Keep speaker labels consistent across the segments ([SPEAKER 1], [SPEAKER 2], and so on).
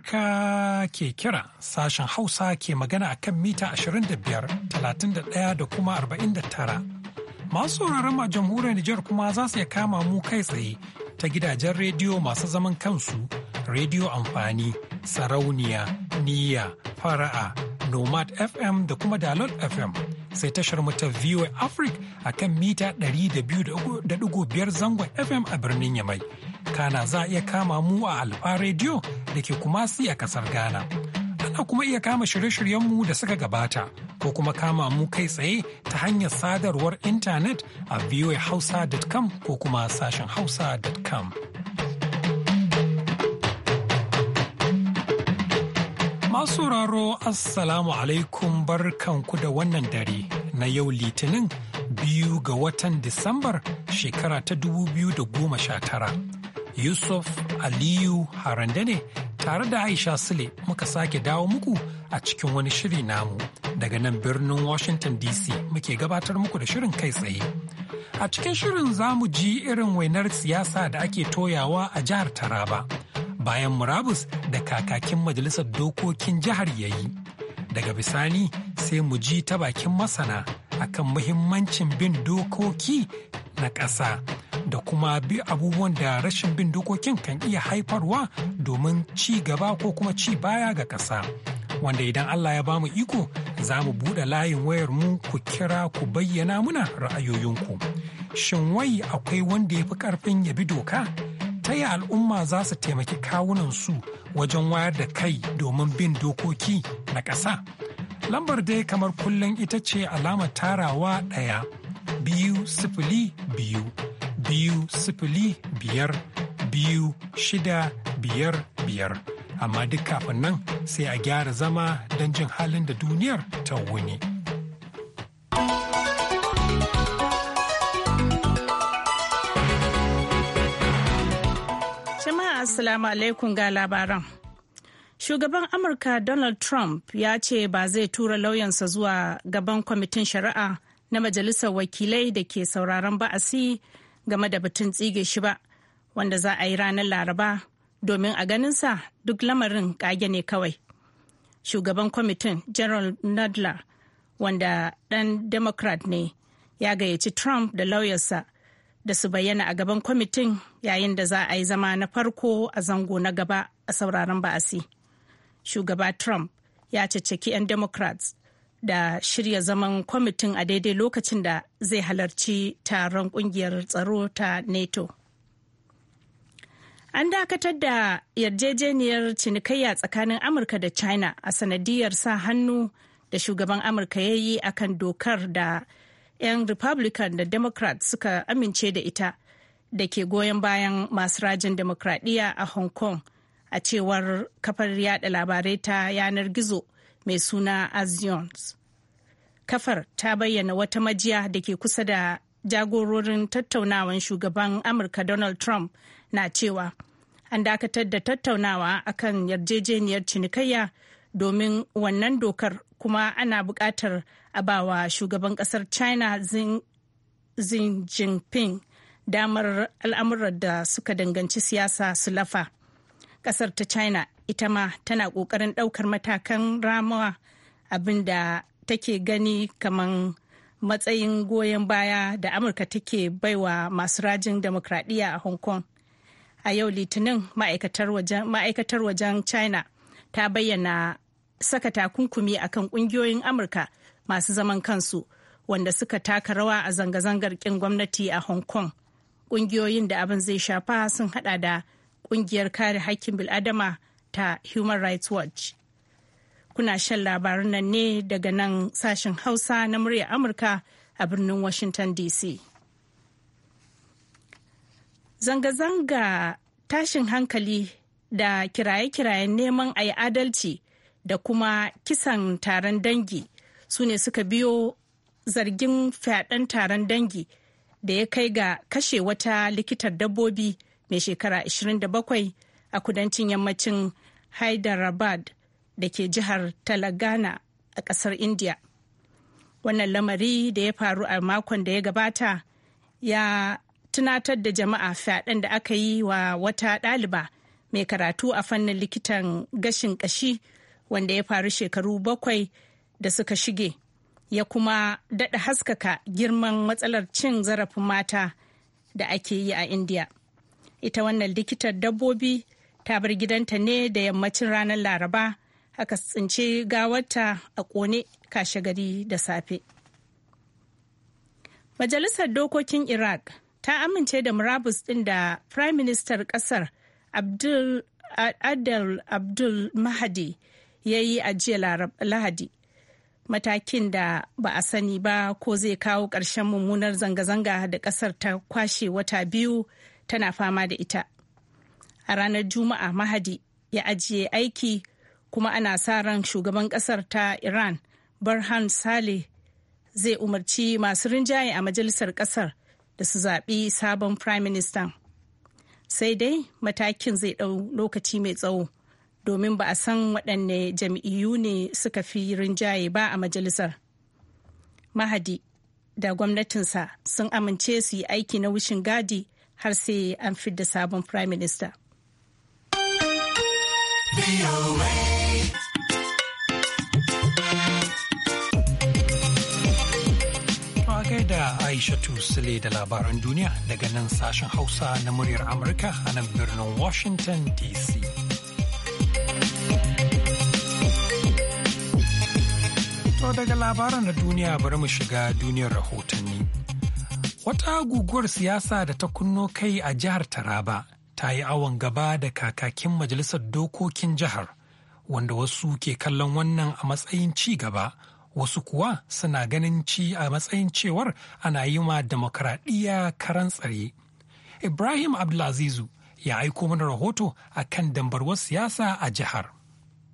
[SPEAKER 1] Amurka ke kira sashen Hausa ke magana a kan mita 25, 31 da kuma 49. Masu sauraron a jamhuriyar Nijar kuma za su iya kama mu kai tsaye ta gidajen rediyo masu zaman kansu, rediyo amfani, sarauniya, niyya, fara'a, nomad FM da kuma dalol FM. Sai tashar mu ta VOA Africa a kan mita 200.5 zangon FM a birnin Yamai. kana za a iya kama mu a alfa rediyo da ke kumasi a kasar ghana ana kuma iya kama shirye-shiryenmu da suka gabata ko kuma kama mu kai tsaye ta hanyar sadarwar intanet a voahausa.com ko kuma sashen hausa.com Masu sauraro Assalamu alaikum barkanku da wannan dare na yau Litinin biyu ga watan Disambar shekara ta dubu biyu da goma sha tara. Yusuf Aliyu Harande ne tare da Aisha Sule muka sake dawo muku a cikin wani shiri namu daga nan birnin Washington DC muke gabatar muku da shirin kai tsaye. A cikin shirin za mu ji irin wainar siyasa da ake toyawa a jihar Taraba bayan murabus da kakakin majalisar dokokin jihar yayi. Daga bisani sai mu ji ta bakin masana akan muhimmancin bin dokoki na ƙasa da kuma bi abubuwan da rashin bin dokokin kan iya haifarwa domin ci gaba ko kuma ci baya ga ƙasa. Wanda idan Allah ya bamu iko za mu buɗe layin wayar mu ku kira ku bayyana muna ra'ayoyinku. Shin wai akwai wanda ya fi ƙarfin ya bi doka? Ta yi al'umma za su taimaki kawunansu wajen wayar da kai domin bin dokoki na ƙasa. Lambar dai kamar kullum ita ce alamar tarawa ɗaya biyu sifili biyu. biyu sifili biyar biyu shida biyar biyar amma duk kafin nan sai a gyara zama don jin halin da duniyar ta wuni.
[SPEAKER 2] Jama'a Assalamu alaikum ga labaran. Shugaban Amurka Donald Trump ya ce ba zai tura lauyansa zuwa gaban kwamitin shari'a na Majalisar Wakilai da ke sauraron ba'asi game da batun tsige shi ba wanda za a yi ranar laraba domin a ganin sa duk lamarin kage ne kawai shugaban kwamitin general nadler wanda dan democrat ne ya gayyaci trump da lauyarsa da su bayyana a gaban kwamitin yayin da za a yi zama na farko a zango na gaba a sauraron ba'asi shugaba trump ya caccaki 'yan democrats da shirya zaman kwamitin a daidai lokacin da zai halarci taron kungiyar tsaro ta nato an dakatar da yarjejeniyar cinikayya tsakanin amurka da china a sanadiyar sa hannu da shugaban amurka ya yi kan dokar da 'yan republican da democrat suka amince da ita da ke goyon bayan masu rajin demokradiyya a hong kong a cewar kafar yada labarai ta yanar gizo mai suna azions kafar ta bayyana wata majiya da ke kusa da jagororin tattaunawan shugaban amurka donald trump na cewa an dakatar da tattaunawa akan yarjejeniyar cinikayya domin wannan dokar kuma ana buƙatar a bawa shugaban ƙasar china xi jinping damar al'amuran da suka danganci siyasa su lafa ƙasar ta china ita ma tana kokarin daukar matakan ramawa abinda take gani kamar matsayin goyon baya da amurka take baiwa masu rajin demokradiyya a hong kong a yau litinin ma'aikatar wajen china ta bayyana saka takunkumi akan kungiyoyin amurka masu zaman kansu wanda suka taka rawa a zanga-zangar kin gwamnati a hong kong kungiyoyin da abin zai shafa sun hada da kungiyar kare haƙƙin bil'adama ta Human Rights Watch. Kuna shan labarun nan ne daga nan sashen Hausa na murya Amurka a birnin Washington DC. Zanga-zanga tashin hankali da kiraye-kirayen neman a yi adalci da kuma kisan taron dangi su ne suka biyo zargin fyaɗen taron dangi da ya kai ga kashe wata likitar dabbobi mai shekara 27 a kudancin yammacin hyderabad da ke jihar talagana a kasar india wannan lamari da ya faru a makon da ya gabata ya tunatar da jama'a fyaɗen da aka yi wa wata ɗaliba mai karatu a fannin likitan gashin ƙashi wanda ya faru shekaru bakwai da suka shige ya kuma daɗa haskaka girman matsalar cin zarafin mata da ake yi a india ita wannan likitar dabbobi ta bar gidanta ne da yammacin ranar laraba aka tsinci gawarta a kone kashe gari da safe majalisar dokokin iraq ta amince da murabus din da prime minister kasar abdul adal abdul mahadi ya yi ajiye lahadi matakin da ba a sani ba ko zai kawo ƙarshen mummunar zanga-zanga da ƙasar ta kwashe wata biyu tana fama da ita a ranar Juma'a Mahadi ya ajiye aiki kuma ana sa ran shugaban kasar ta Iran Barhan Saleh zai umarci masu rinjaye a majalisar kasar da su zaɓi sabon Prime Minister. Sai dai matakin zai ɗau lokaci mai tsawo domin ba a san waɗanne jam'iyyu ne suka fi rinjaye ba a majalisar. Mahadi da gwamnatinsa sun amince su yi aiki na wushin gadi har sai an fidda sabon Prime Minister.
[SPEAKER 1] da Aishatu Sule da labaran duniya daga nan sashen Hausa na muryar Amurka a nan birnin Washington DC. To daga labaran na duniya bari mu shiga duniyar rahotanni. Wata guguwar siyasa da ta kunno kai a jihar Taraba ta yi awon gaba da kakakin majalisar dokokin jihar wanda wasu ke kallon wannan a matsayin ci gaba wasu kuwa suna ganin ci a matsayin cewar ana yi ma demokradiyya karan tsare ibrahim abdulazizu ya aiko mana rahoto
[SPEAKER 3] a kan dambarwar siyasa a jihar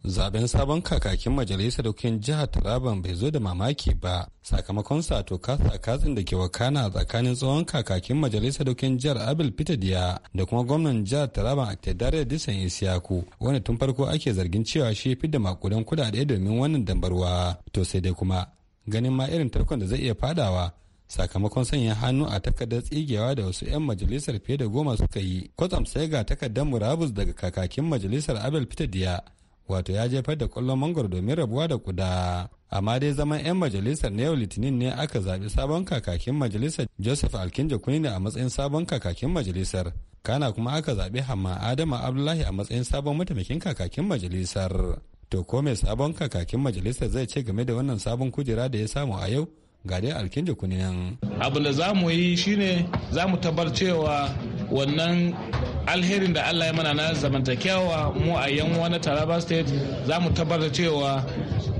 [SPEAKER 3] zaben sabon kakakin majalisar dokin jihar taraban bai zo da mamaki ba sakamakon sato kasa katsin da ke wakana a tsakanin tsohon kakakin majalisar dokin jihar Abel abil diya. da kuma gwamnan jihar taraban aktedare disan isiyaku wanda tun farko ake zargin cewa shi fi da makudan kudade domin wannan dambarwa to sai dai kuma ganin ma irin tarkon da zai iya fadawa sakamakon sanya hannu a takardar tsigewa da wasu 'yan majalisar fiye da goma suka yi kwatsam sai ga takardar murabus daga kakakin majalisar abel diya. wato ya jefar da kwallon mangwaro domin rabuwa da kuda amma dai zaman 'yan majalisar na yau litinin ne aka zaɓi sabon kakakin majalisar joseph alkinja ne a matsayin sabon kakakin majalisar kana kuma aka zaɓi hamma adama abdullahi a matsayin sabon mataimakin kakakin majalisar to ko mai sabon kakakin majalisar zai ce game da wannan sabon kujera da ya samu a yau ga dai alkinda nan
[SPEAKER 4] abu da za mu yi shine za mu tabbar cewa wannan alherin da allah ya mana na zamantakewa mu a yan na taraba state za mu da cewa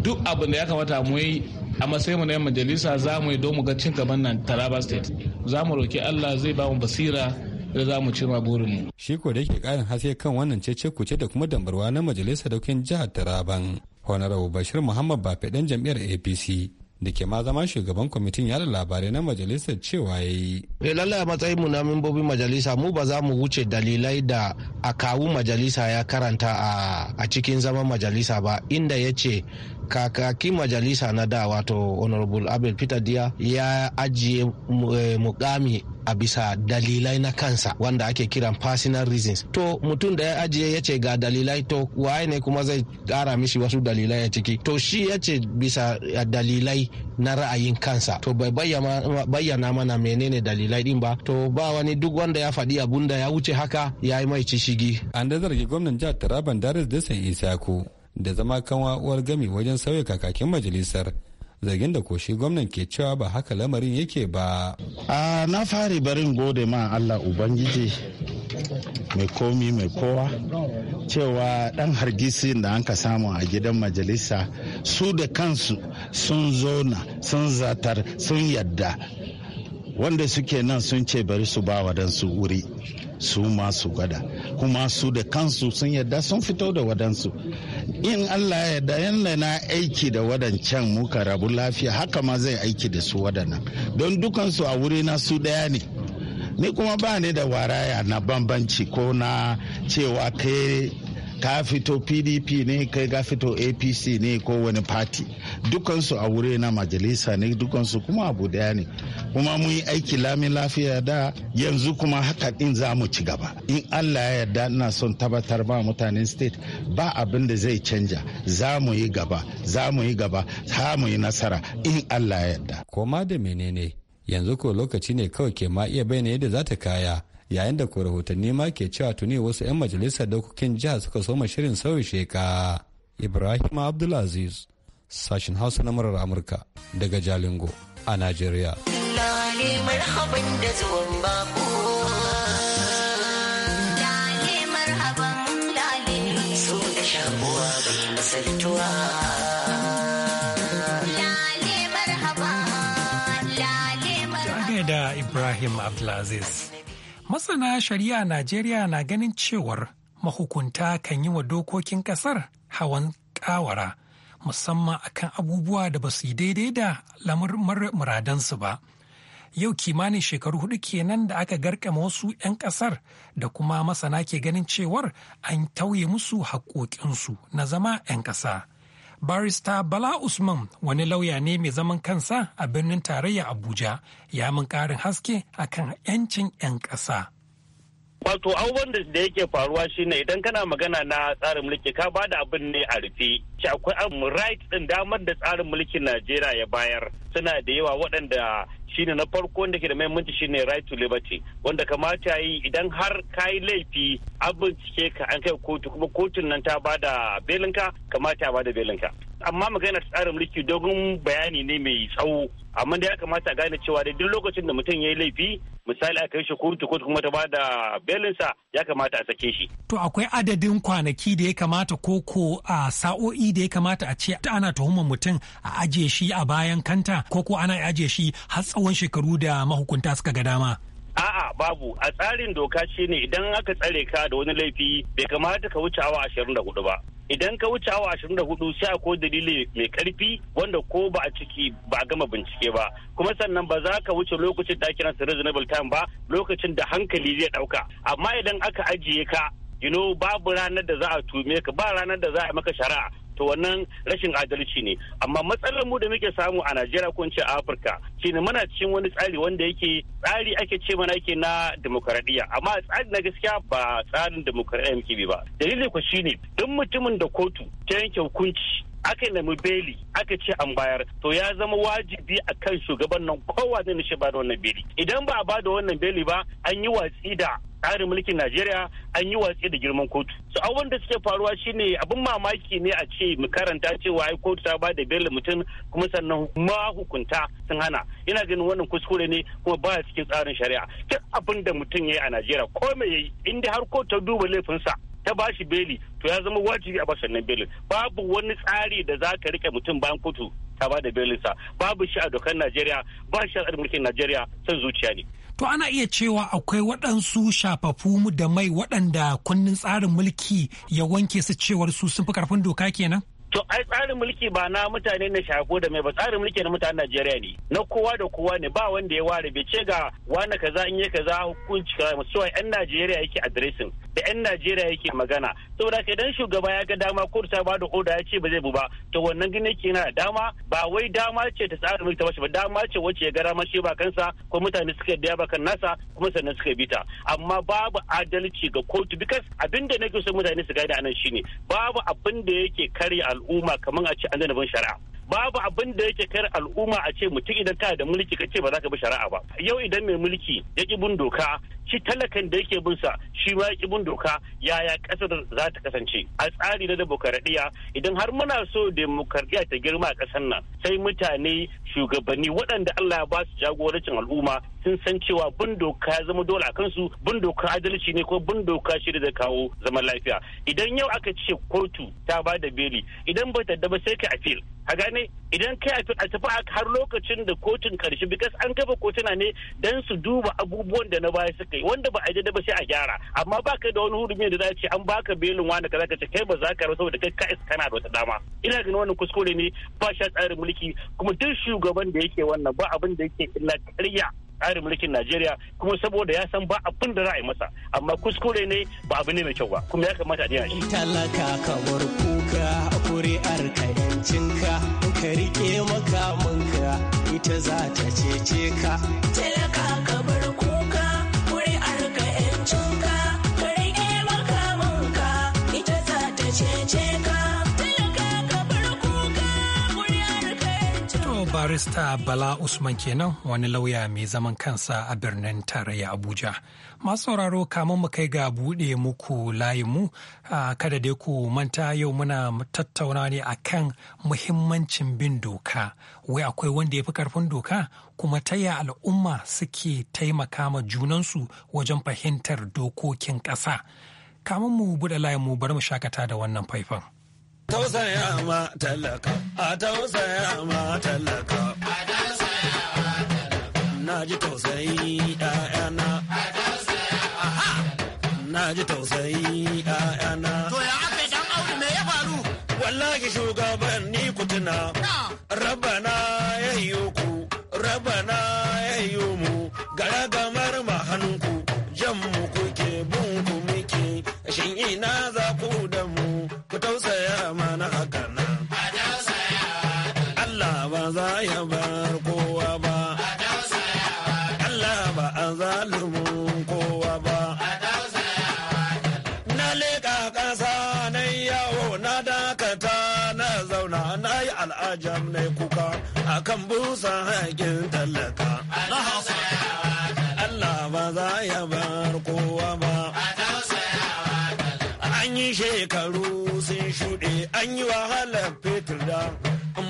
[SPEAKER 4] duk abin
[SPEAKER 3] da ya kamata mu yi a matsayin mu na majalisa za mu yi don mu ga cin gaban nan taraba state za mu roki allah zai ba mu basira da za mu cima burinmu. Shi ko da yake karin haske kan wannan cece kuce da kuma dambarwa na majalisar daukin jihar Taraban. Honorable Bashir Muhammad Bafe dan jam'iyyar APC da ke ma zama shugaban kwamitin yada labarai na majalisar cewa ya yi.
[SPEAKER 4] Eh, lallai a matsayin mu na membobin majalisa mu ba za mu wuce dalilai da a kawu majalisa ya karanta a cikin zaman majalisa ba inda ya ce kakakin majalisa na da wato honorable abel peter diya ya ajiye eh, mukami a bisa dalilai na kansa wanda ake kiran personal reasons to mutum da ya ajiye ya ce ga dalilai to waye ne kuma zai kara mishi wasu dalilai a ciki to shi ya ce bisa eh, dalilai na ra'ayin kansa to bai bayyana mana menene dalilai din ba to ba wani duk wanda ya faɗi abun da ya wuce haka ya yi mai cishigi
[SPEAKER 3] an da zargi gwamnan jihar taraban daris da san isaku da zama kanwa uwar gami wajen sauya kakakin majalisar zagin da koshi gwamnan ke cewa ba haka lamarin yake ba.
[SPEAKER 4] A na fari barin gode ma Allah Ubangiji mai komi mai kowa cewa dan hargisi da an ka samu a gidan majalisa su da kansu sun zona sun zatar sun yadda wanda suke nan sun ce bari su ba wadansu wuri su masu gwada kuma su da kansu sun yadda sun fito da wadansu in allah ya yarda yan na aiki da wadancan muka rabu lafiya haka ma zai aiki da su wadannan don dukansu a wuri na su daya ne ni kuma ba ni da waraya na bambanci ko na cewa kai ka fito pdp ne kai ka fito apc ne ko wani party dukansu a wuri na majalisa ne dukansu kuma abu daya ne kuma mun yi aiki lamin lafiya da yanzu kuma haka din za mu ci gaba in allah ya yarda ina son tabbatar ba mutanen state ba abin da zai canja za mu yi gaba za mu yi gaba za mu yi nasara in allah ya yarda koma da menene yanzu ko lokaci ne kawai
[SPEAKER 3] ke ma iya bayyana yadda za ta kaya yayin da ko rahotanni ma ke cewa tuni wasu 'yan majalisar dokokin jihar suka soma shirin sauyi sheka ibrahim abdulaziz sashen hausa na murar amurka daga jalingo a najeriya
[SPEAKER 5] da Ibrahim
[SPEAKER 1] Abdulaziz. Masana shari'a Najeriya na ganin cewar mahukunta kan yi wa dokokin kasar hawan kawara musamman akan abubuwa da ba su yi daidai da lamar muradansu ba. Yau kimanin shekaru hudu kenan da aka garkama wasu 'yan kasar da kuma masana ke ganin cewar an tauye musu haƙoƙinsu na zama 'yan ƙasa. barista bala usman wani lauya ne mai zaman kansa a birnin tarayya abuja ya min karin haske a kan 'yancin 'yan ƙasa.
[SPEAKER 6] wato abubuwan da yake faruwa shine idan kana magana na tsarin mulki ka ba da abin ne a rufe shi akwai right din damar da tsarin mulkin najeriya ya bayar suna da yawa waɗanda shine na farko wanda ke da muhimmanci shine right to liberty wanda kamata yi idan har ka yi laifi an bincike ka an kai kotu kuma kotun nan ta bada belinka kamata a bada belinka amma maganar tsarin mulki dogon bayani ne mai tsawo amma da ya kamata gane cewa da duk lokacin da mutum ya yi laifi misali aka yi shi kurtu ko kuma ta ba da belinsa ya kamata a sake shi.
[SPEAKER 1] To akwai adadin kwanaki da ya kamata ko ko a sa'o'i da ya kamata a ce ana tuhumar mutum a ajiye shi a bayan kanta ko ko ana ajiye shi har tsawon shekaru da mahukunta suka ga dama.
[SPEAKER 6] A'a babu a tsarin doka shine idan aka tsare ka da wani laifi bai kamata ka wuce awa ashirin da hudu ba. idan ka wuce awa ashirin da hudu sai ko dalili mai karfi wanda ko ba a ciki ba gama bincike ba kuma sannan ba za ka wuce lokacin da kiransa reasonable time ba lokacin da hankali zai dauka amma idan aka ajiye ka you know babu ranar da za a tume ka ba ranar da za a maka shari'a to wannan rashin adalci ne amma matsalar mu da muke samu a Najeriya ko ce Afirka shine muna cikin wani tsari wanda yake tsari ake ce mana yake na demokradiya amma tsari na gaskiya ba tsarin demokradiya muke bi ba dalili ku shine duk mutumin da kotu ta yanke hukunci aka nemi beli aka ce an bayar to ya zama wajibi a kan shugaban nan kowa zai nishi ba da wannan beli idan ba a ba da wannan beli ba an yi watsi da tsarin mulkin Najeriya an yi watsi da girman kotu. So abubuwan da suke faruwa shine abin mamaki ne a ce mu karanta cewa ai kotu ta ba da beli mutum kuma sannan mahukunta sun hana. Ina ganin wannan kuskure ne kuma baya cikin tsarin shari'a. Duk abin da mutum ya yi a Najeriya ko me yayi inda har kotu ta duba laifinsa ta ba shi beli to ya zama wajibi a ba sannan belin babu wani tsari da za ka rike mutum bayan kotu ta ba da belinsa babu shi a dokar najeriya ba shi a mulkin najeriya sun zuciya ne
[SPEAKER 1] to ana iya cewa akwai waɗansu shafafu da mai waɗanda kundin tsarin mulki ya wanke su cewar su sun fi karfin doka kenan to
[SPEAKER 6] ai tsarin mulki ba na mutane na shago da mai ba tsarin mulki na mutanen Najeriya ne na kowa da kowa ne ba wanda ya ware bai ce ga wani kaza in yi kaza hukunci kaza musu yan Najeriya yake addressing da 'yan Najeriya yake magana saboda ka idan shugaba ya ga dama ko ta ba da oda ya ce ba zai bu ba to wannan gini ke na dama ba wai dama ce ta tsara mulki ta bashi ba dama ce wacce ya gara mashi ba kansa ko mutane suka biya ba kan nasa kuma sannan suka bi ta amma babu adalci ga kotu bikas abin da nake so mutane su gane anan shine babu abin da yake karya al'umma kamar a ce an zana bin shari'a babu abin da yake kar al'umma a ce mutum idan kana da mulki ka ce ba za ka bi shari'a ba yau idan mai mulki ya ki bin doka shi talakan da yake bin sa shi ma yaki bin doka yaya kasar za ta kasance a tsari na demokaradiyya idan har muna so demokaradiyya ta girma a kasar nan sai mutane shugabanni waɗanda Allah ya ba su jagorancin al'umma sun san cewa bin doka ya zama dole a kansu bin doka adalci ne ko bin doka shi da kawo zaman lafiya idan yau aka ce kotu ta ba da beli idan ba ta ba sai ka afil a gane idan kai a tafi har lokacin da kotun karshe bikas an kafa kotuna ne dan su duba abubuwan da na baya suka kai wanda ba a da ba sai a gyara amma baka da wani hurumi da za ce an baka belin wani kaza ka ce kai ba za ka rasa da kai ka kana da wata dama ina ganin wannan kuskure ne ba sha tsarin mulki kuma duk shugaban da yake wannan ba abin da yake illa karya tsarin mulkin Najeriya kuma saboda ya san ba abin da za a yi masa amma kuskure ne ba abu ne mai kyau ba kuma ya kamata a dina
[SPEAKER 7] shi. Talaka kamar kuka kuri'ar kayancinka ka rike makamanka ita za ta cece ka.
[SPEAKER 5] Talaka
[SPEAKER 1] barista bala usman kenan wani lauya mai zaman kansa a birnin tarayya abuja masu sauraro kamun mu kai ga buɗe muku layinmu kada dai ku manta yau muna tattauna ne a kan muhimmancin bin doka wai akwai wanda ya fi karfin doka kuma ta ya al'umma suke taimaka ma junansu wajen fahimtar dokokin ƙasa kamun mu buɗe layinmu bari mu shakata da wannan faifan
[SPEAKER 5] tausaya ma talaka a tausaya ma talaka na ji tausayi ƴaƴana na ji tausayi ƴaƴana to ya aka dan aure me ya faru wallahi shugaban ni kutuna rabana ya yiwu ku rabana ya yiwu mu garagamar mahanku jan mu kuke bunku muke shin ina jam na kuka akan busa haƙin tallaka. Allah ba za ya bar kowa ba. An yi shekaru sun shuɗe an yi wahalar fetur da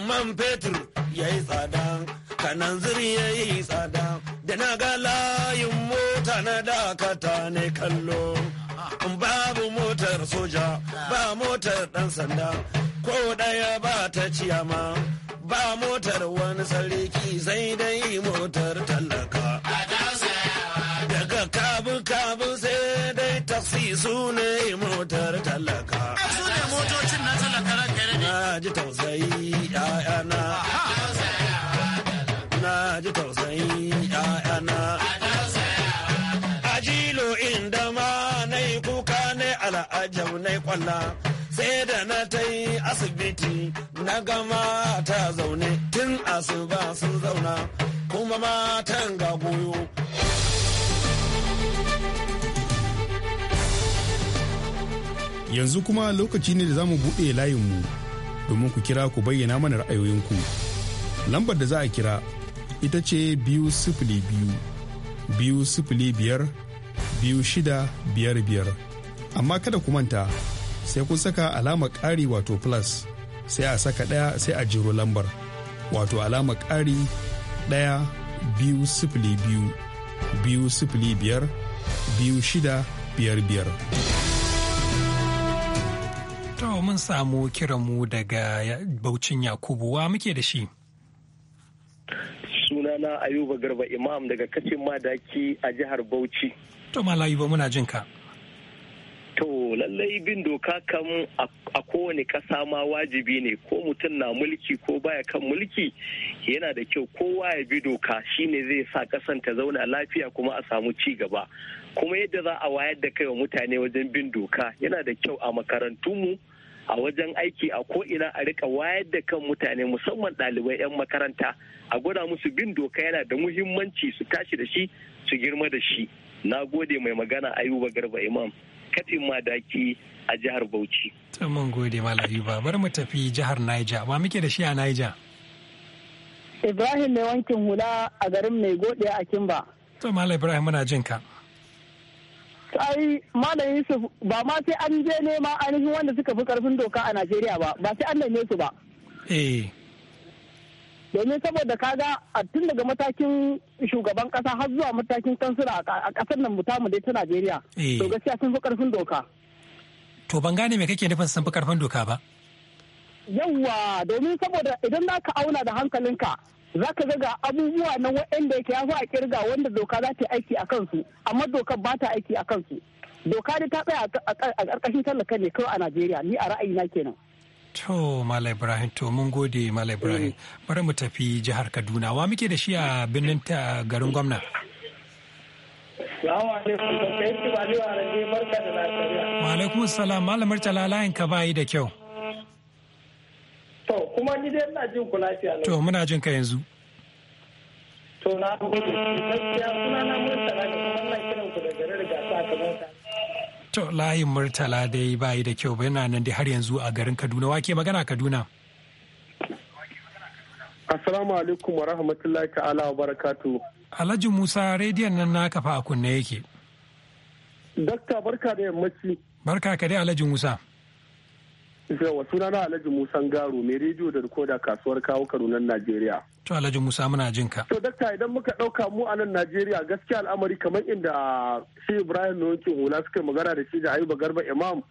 [SPEAKER 5] man fetur ya yi tsada kanan zuri ya yi tsada da na ga layin mota na dakata ne kallo. babu motar soja ba motar ɗan sanda ko ɗaya ba ta ciyama ba motar wani sarki sai dai motar tallaka daga kabin kabin sai dai taksi su ne motar tallaka su ne motocin na tallaka na ji tausayi ya'yana na ji tausayi ya'yana kwalla sai da na ta yi asibiti na gama ta zaune tun asuba sun zauna kuma matan ga goyo
[SPEAKER 3] yanzu kuma lokaci ne da za mu buɗe layinmu domin ku kira ku bayyana mana ra'ayoyinku lambar da za a kira ita ce biyu sifili biyu biyu sifili biyar biyu shida biyar biyar amma kada ku manta sai kun saka alama ƙari wato plus sai a saka ɗaya sai a jiro lambar wato alama ƙari ɗaya biyu sifili biyu biyu sifili biyar biyu shida biyar biyar.
[SPEAKER 1] To mun samu kiranmu daga Baucin Yakubu wa muke da shi.
[SPEAKER 8] Sunana Ayuba Garba Imam daga Kacin Madaki a jihar Bauchi. To Malayu ba muna jin ka. To lallai bin doka kan a kowane kasa ma wajibi ne ko mutum na mulki ko baya kan mulki yana da kyau kowa ya bi doka shine zai sa kasan ta zauna lafiya kuma a samu ci gaba. Kuma yadda za a wayar da kai wa mutane wajen bin doka yana da kyau a makarantunmu a wajen aiki a ko ina a rika wayar da kan mutane musamman ɗalibai 'yan makaranta a gwada musu bin doka yana da muhimmanci su tashi da shi su girma da shi. Na gode mai magana Ayuba Garba Imam. katin madaki a jihar Bauchi.
[SPEAKER 1] Mun gode Malam ba bari mu tafi jihar Niger. Ba muke da shi a Niger?
[SPEAKER 7] Ibrahim mai wankin hula a garin mai gode a Kimba.
[SPEAKER 1] To Malam Ibrahim muna jin ka.
[SPEAKER 7] Ai Malam Yusuf ba ma sai an je nema ainihin wanda suka fi karfin doka a Najeriya ba, ba sai an neme su ba. Eh. domin saboda kaga a tun daga matakin shugaban kasa har zuwa matakin kansila a kasar nan mutamu dai ta Najeriya eh. to gaskiya sun fi karfin doka
[SPEAKER 1] to ban gane me kake nufin sun fi karfin doka ba
[SPEAKER 7] yawwa domin saboda idan za ka auna da hankalinka za ka ga abubuwa na waɗanda yake yafi a kirga wanda doka za ta aiki a kansu amma dokar ba ta aiki a kansu doka da ta tsaya a ƙarƙashin tallaka ne kawai a Najeriya ni a ra'ayina kenan
[SPEAKER 1] To Mala Ibrahim to mun gode Mala Ibrahim bari mu tafi jihar Kaduna wa muke da shi a birnin ta garin gwamna. Wa alaikum salam malamar layin ka bayi da kyau.
[SPEAKER 7] To kuma ni dai ina jin ku lafiya. To
[SPEAKER 1] muna jin ka yanzu.
[SPEAKER 7] To na gode gaskiya suna na murtala ne kuma ina kiran ku da garin
[SPEAKER 1] gasa kamar To layin Murtala dai bayi da kyau yana nan dai har yanzu a garin Kaduna wake magana Kaduna.
[SPEAKER 8] Assalamu alaikum wa rahmatullahi ta'ala wa barakatu.
[SPEAKER 1] Alhaji Musa rediyon nan na kafa a kunne yake. Dakta barka da yammaci. Barka ka dai Alhaji Musa.
[SPEAKER 8] wa suna na Alhaji Musa Garo mai rediyo da rikoda kasuwar kawo Kanunan Najeriya.
[SPEAKER 1] To Alhaji Musa muna jin ka. To
[SPEAKER 8] dakta idan muka ɗauka mu a nan Najeriya gaskiya al'amari kamar inda shi Ibrahim Nonki Hula suka magana da shi da Ayuba Garba Imam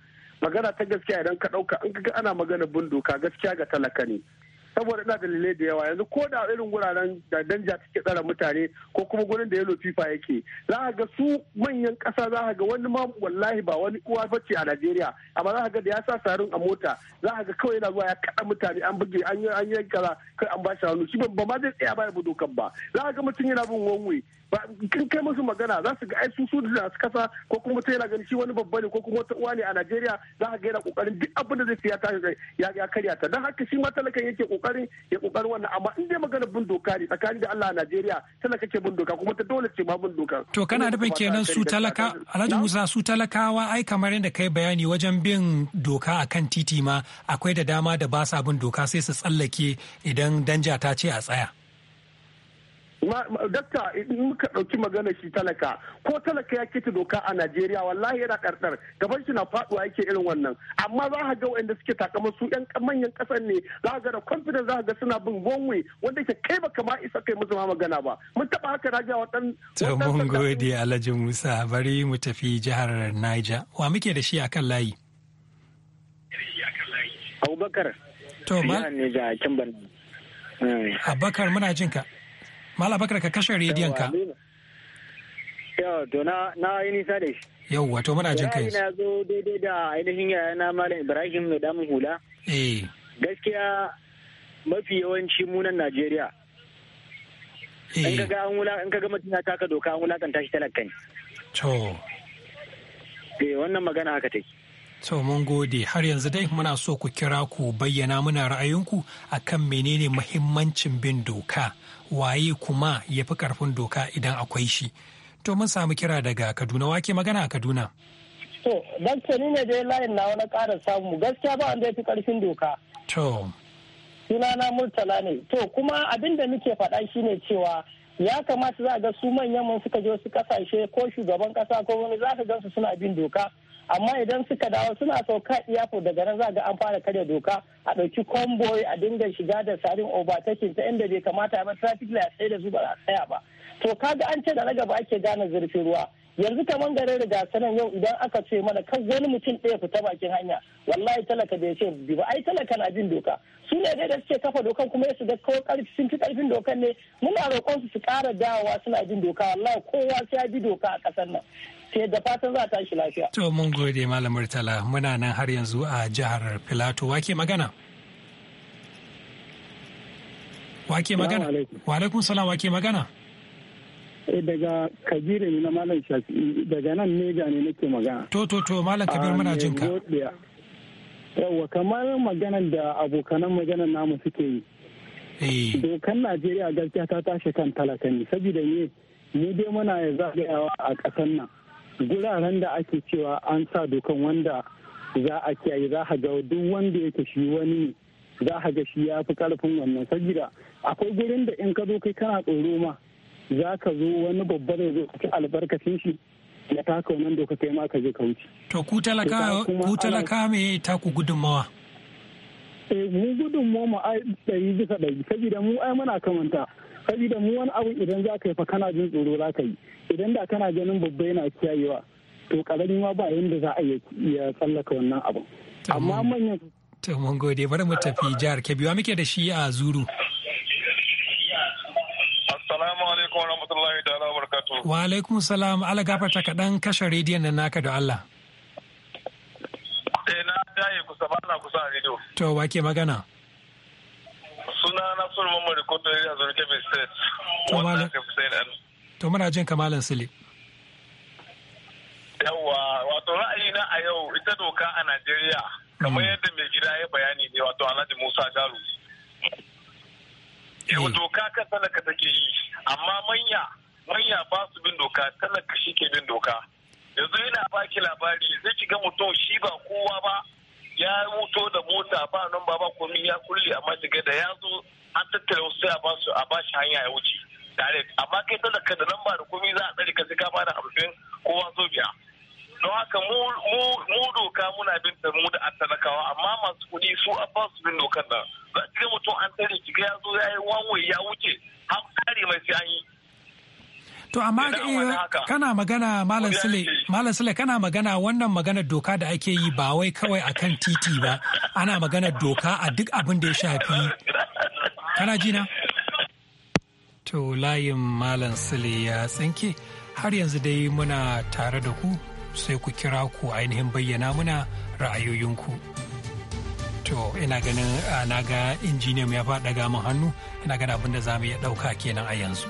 [SPEAKER 8] magana ta gaskiya idan ka ɗauka in ka ana magana bin doka gaskiya ga talaka ne. saboda ina dalilai da yawa yanzu ko da irin wuraren da danja take tsara mutane ko kuma gurin da yellow fifa yake za ka ga su manyan ƙasa za ka ga wani ma wallahi ba wani uwa ce a Najeriya amma za ka ga da ya sa sarun a mota za ka ga kawai yana zuwa ya kaɗa mutane an buge an yi kai an ba shi hannu shi ba ma zai tsaya ba ya bi dokan ba za ka ga mutum yana bin wanwe kin kai musu magana za su ga ai su su da su kasa ko kuma ta yana ganin shi wani babba ne ko kuma wata uwa ne a Najeriya za ka ga yana kokarin duk abin da zai siya ta ya ya karya ta dan haka shi ma talakan yake kokarin ya kokarin wannan amma in dai magana bin doka ne tsakanin da Allah a Najeriya talaka ke bin doka kuma ta dole ce ma bin doka to
[SPEAKER 1] kana da kenan su talaka Alhaji Musa su talakawa ai kamar yadda kai bayani wajen bin doka akan titi ma akwai da dama da ba sa bin doka sai su tsallake idan danja ta ce a tsaya
[SPEAKER 8] dakta in muka ɗauki magana shi talaka ko talaka ya kita doka a najeriya wallahi yana karɗar gaban shi na faɗuwa yake irin wannan amma za ka ga waɗanda suke takama su yan manyan ƙasar ne za ka ga da confidence za ka ga suna bin one wanda ke kai baka ma isa kai musu ma magana ba mun taɓa haka na jawa ɗan.
[SPEAKER 1] to mun gode alhaji musa bari mu tafi jihar niger wa muke da shi akan layi. abubakar. to ba. abubakar muna jinka. ka. Mala Bakar ka kashe rediyon ka.
[SPEAKER 7] Yawa to na na yi nisa da shi.
[SPEAKER 1] Yau, wato muna jin kai. Na
[SPEAKER 7] zo daidai da ainihin na Malam Ibrahim da damu hula. Eh. Gaskiya mafi yawanci munan Najeriya. In eh. ka ga an wula in ka ga mutum ya taka doka an wulakanta tashi talaka
[SPEAKER 1] ne. To. Eh wannan
[SPEAKER 7] magana haka take.
[SPEAKER 1] To mun gode har yanzu dai muna so ku kira ku bayyana muna ra'ayinku akan menene muhimmancin bin doka waye kuma ya fi karfin doka idan akwai shi to mun samu kira daga kaduna wake magana a kaduna
[SPEAKER 7] to dan ni ne dai layin nawa na ƙara samu gaskiya ba wanda ya fi karfin doka to sunana murtala ne to kuma abin da muke faɗa shi ne cewa ya kamata za a ga su manyan mun suka je wasu kasashe ko shugaban ƙasa ko wani za ka gansu suna bin doka amma idan suka dawo suna sauka iyafo daga nan za ga an fara karya doka a ɗauki convoy a dinga shiga da sarin overtaking ta inda bai kamata ba traffic light sai da su ba tsaya ba to kaga an ce da na gaba ake gane zurfin ruwa yanzu ka garin riga sanan yau idan aka ce mana kan wani mutum ɗaya fita bakin hanya wallahi talaka bai ce bi ba ai talaka na jin doka su ne dai da suke kafa dokan kuma su ga kawai karfi sun fi karfin dokan ne muna roƙon su su ƙara dawowa suna jin doka wallahi kowa sai ya bi doka a ƙasar nan sai da fatan za ta tashi lafiya.
[SPEAKER 1] To mun gode Malam Murtala muna nan har yanzu a jihar Filato wake magana. Wake magana. Wa alaikum salam wake magana.
[SPEAKER 6] Eh, daga Kabiru ne na Malam Shafi daga nan Neja ne nake magana.
[SPEAKER 1] To to to Malam Kabir muna jin ka.
[SPEAKER 6] Yawwa
[SPEAKER 7] kamar magana da abokanan magana namu suke yi. Eh. Dokan Najeriya gaskiya ta tashi kan talaka ne saboda ne mu dai muna zagayawa
[SPEAKER 6] a ƙasar nan. guraren da ake cewa an sa dokan wanda za a kiyaye za a ga duk wanda yake shi wani za a ga shi ya fi karfin wannan saboda
[SPEAKER 7] akwai gurin da in ka zo kai kana tsoro ma za ka zo wani babban ya zo ci albarkacin
[SPEAKER 1] shi ya taka wannan doka kai ma ka je ka wuce. To ku talaka me talaka ku gudunmawa?
[SPEAKER 8] Eh, mu gudunmawa mu ai ɗari bisa ɗari saboda mu
[SPEAKER 6] ai muna kamanta. saboda mu wani abu idan za ka yi fa kana jin tsoro za ka yi idan da kana ganin babba yana kiyayewa to karami ma ba yanda za a ya tsallaka wannan abu
[SPEAKER 1] amma manyan to mun gode bari mu tafi jihar Kebbi wa muke da shi a Zuru
[SPEAKER 8] Assalamu alaikum wa rahmatullahi ta'ala wa barakatuh
[SPEAKER 1] Wa alaikum salam ala gafarta kaɗan kashe rediyon nan naka da Allah Eh na dai kusa ba na kusa a rediyo To wa ke magana Abdullahi To muna jin kamalan sile
[SPEAKER 8] Yawwa wato ra'ayi na a yau ita doka a Najeriya kamar hmm. yadda mai gida ya bayani ne wato Alhaji Musa jaru eh. Yau doka ka talaka take yi amma manya manya ba su bin doka talaka shi ke bin doka. Yanzu yana baki labari zai ga mutum shi ba kowa ba ya wuto da mota ba nan ba ba komi ya kulle amma shiga da ya zo an tattara wasu sai a ba su a ba shi hanya ya wuce direct amma kai ta da lamba da komai za a tsare ka sai ka bada hamsin kowa zo biya don haka mu doka muna bin ta mu da an amma masu kuɗi su a ba bin dokan nan za a mutum an tsare ki ya zo ya yi wanwai ya wuce har kare mai sai an yi
[SPEAKER 1] To amma eh, kana magana Malam Sule, Malam Sule kana magana wannan magana doka da ake yi ba wai kawai akan titi ba, ana magana doka a duk abin da ya shafi kana na? to layin malam sule ya tsinke har yanzu dai muna tare da ku sai ku kira ku ainihin bayyana muna ra'ayoyinku to ina ganin ah, na ga injiniyan ya faɗa min hannu ina ganin abin da za mu iya ɗauka kenan a yanzu.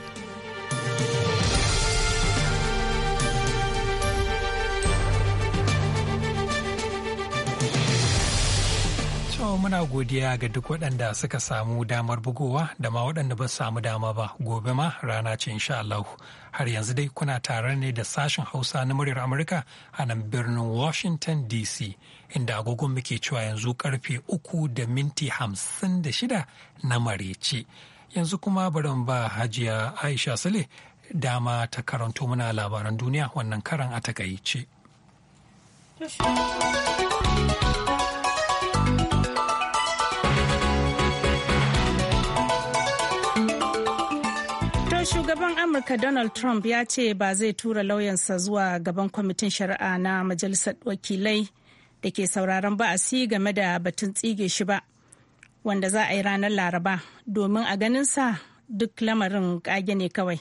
[SPEAKER 1] muna godiya ga duk waɗanda suka samu damar bugowa da ma waɗanda ba samu dama ba gobe ma rana ce insha Allah. Har yanzu dai kuna tare ne da sashen Hausa na muryar Amurka a nan birnin Washington DC inda agogon muke cewa yanzu karfe uku da minti hamsin da shida na mareci. Yanzu kuma barin ba Hajiya Aisha Sule dama ta karanto muna labaran duniya wannan karan a takaice.
[SPEAKER 2] Shugaban Amurka Donald Trump ya ce ba zai tura lauyansa zuwa gaban kwamitin shari'a na Majalisar Wakilai da ke sauraron ba'asi game da batun tsige shi ba, wanda za a yi ranar Laraba domin a ganinsa duk lamarin kage ne kawai.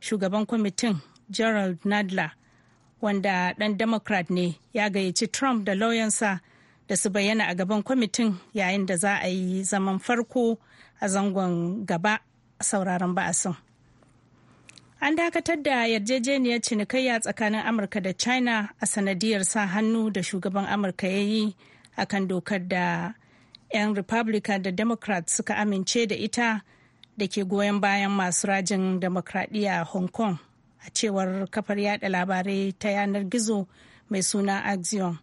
[SPEAKER 2] Shugaban kwamitin Gerald Nadler, wanda dan Democrat ne, ya gayyaci Trump da lauyansa da su bayyana a gaban kwamitin yayin da za a yi zaman farko a zangon gaba sauraron ba'asin. an dakatar da yarjejeniyar cinikayya tsakanin amurka da china a sanadiyar sa hannu da shugaban amurka ya yi a kan dokar da 'yan republican da democrat suka amince da ita da ke goyon bayan masu rajin demokradiyya a hong kong a cewar kafar yada labarai ta yanar gizo mai suna axiom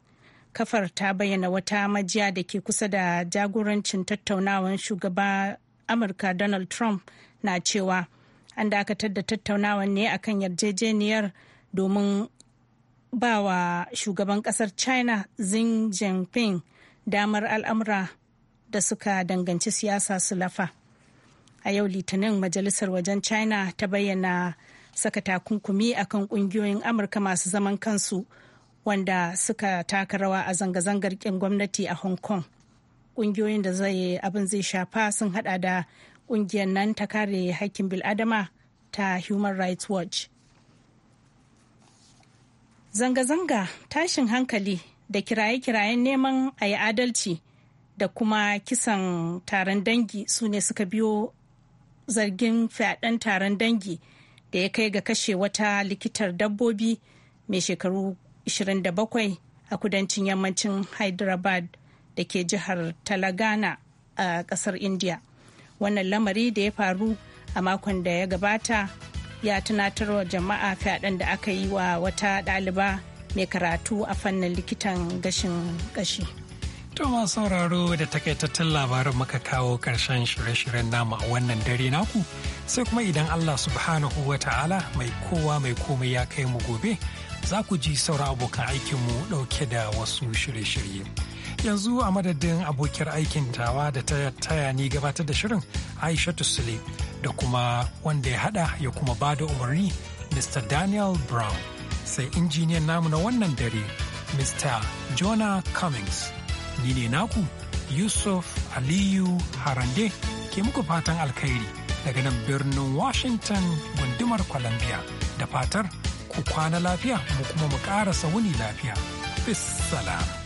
[SPEAKER 2] kafar ta bayyana wata majiya da ke kusa da jagorancin tattaunawan shugaba amurka donald trump na cewa an dakatar da tattaunawa ne akan yarjejeniyar domin ba wa shugaban kasar china xi jinping damar al'amura da suka danganci siyasa su lafa a yau litinin majalisar wajen china ta bayyana saka takunkumi akan kungiyoyin amurka masu zaman kansu wanda suka taka rawa a zanga-zangar kin gwamnati a hong kong kungiyoyin da zai abin zai shafa sun hada da kungiyar nan ta kare haƙƙin bil'adama ta human rights watch zanga-zanga tashin hankali da kiraye-kirayen neman a yi adalci da kuma kisan taron dangi su ne suka biyo zargin fyaɗen taron dangi da ya kai ga kashe wata likitar dabbobi mai shekaru 27 a kudancin yammacin hyderabad da ke jihar talagana a ƙasar india wannan lamari da ya faru a makon da ya gabata ya tunatarwa jama'a fyaɗen da aka yi wa wata ɗaliba mai karatu a fannin likitan gashin ƙashi
[SPEAKER 1] To sauraro da takaitattun labarin muka kawo ƙarshen shirye-shiryen namu a wannan dare naku sai kuma idan Allah subhanahu wa ta'ala mai kowa mai komai ya kai mu gobe za ku ji sauran abokan aikinmu ɗauke da wasu shirye-shirye. yanzu a madadin abokiyar aikin tawa da ta taya ni gabatar da shirin Aisha sule da kuma wanda ya hada ya kuma ba da umarni mr daniel brown sai injiniyan namu na wannan dare mr jonah cummings ni ne naku yusuf aliyu harande ke muku fatan alkhairi daga nan birnin washington gundumar columbia da fatar ku kwana lafiya mu kuma mu ƙara wuni lafiya fissala. salam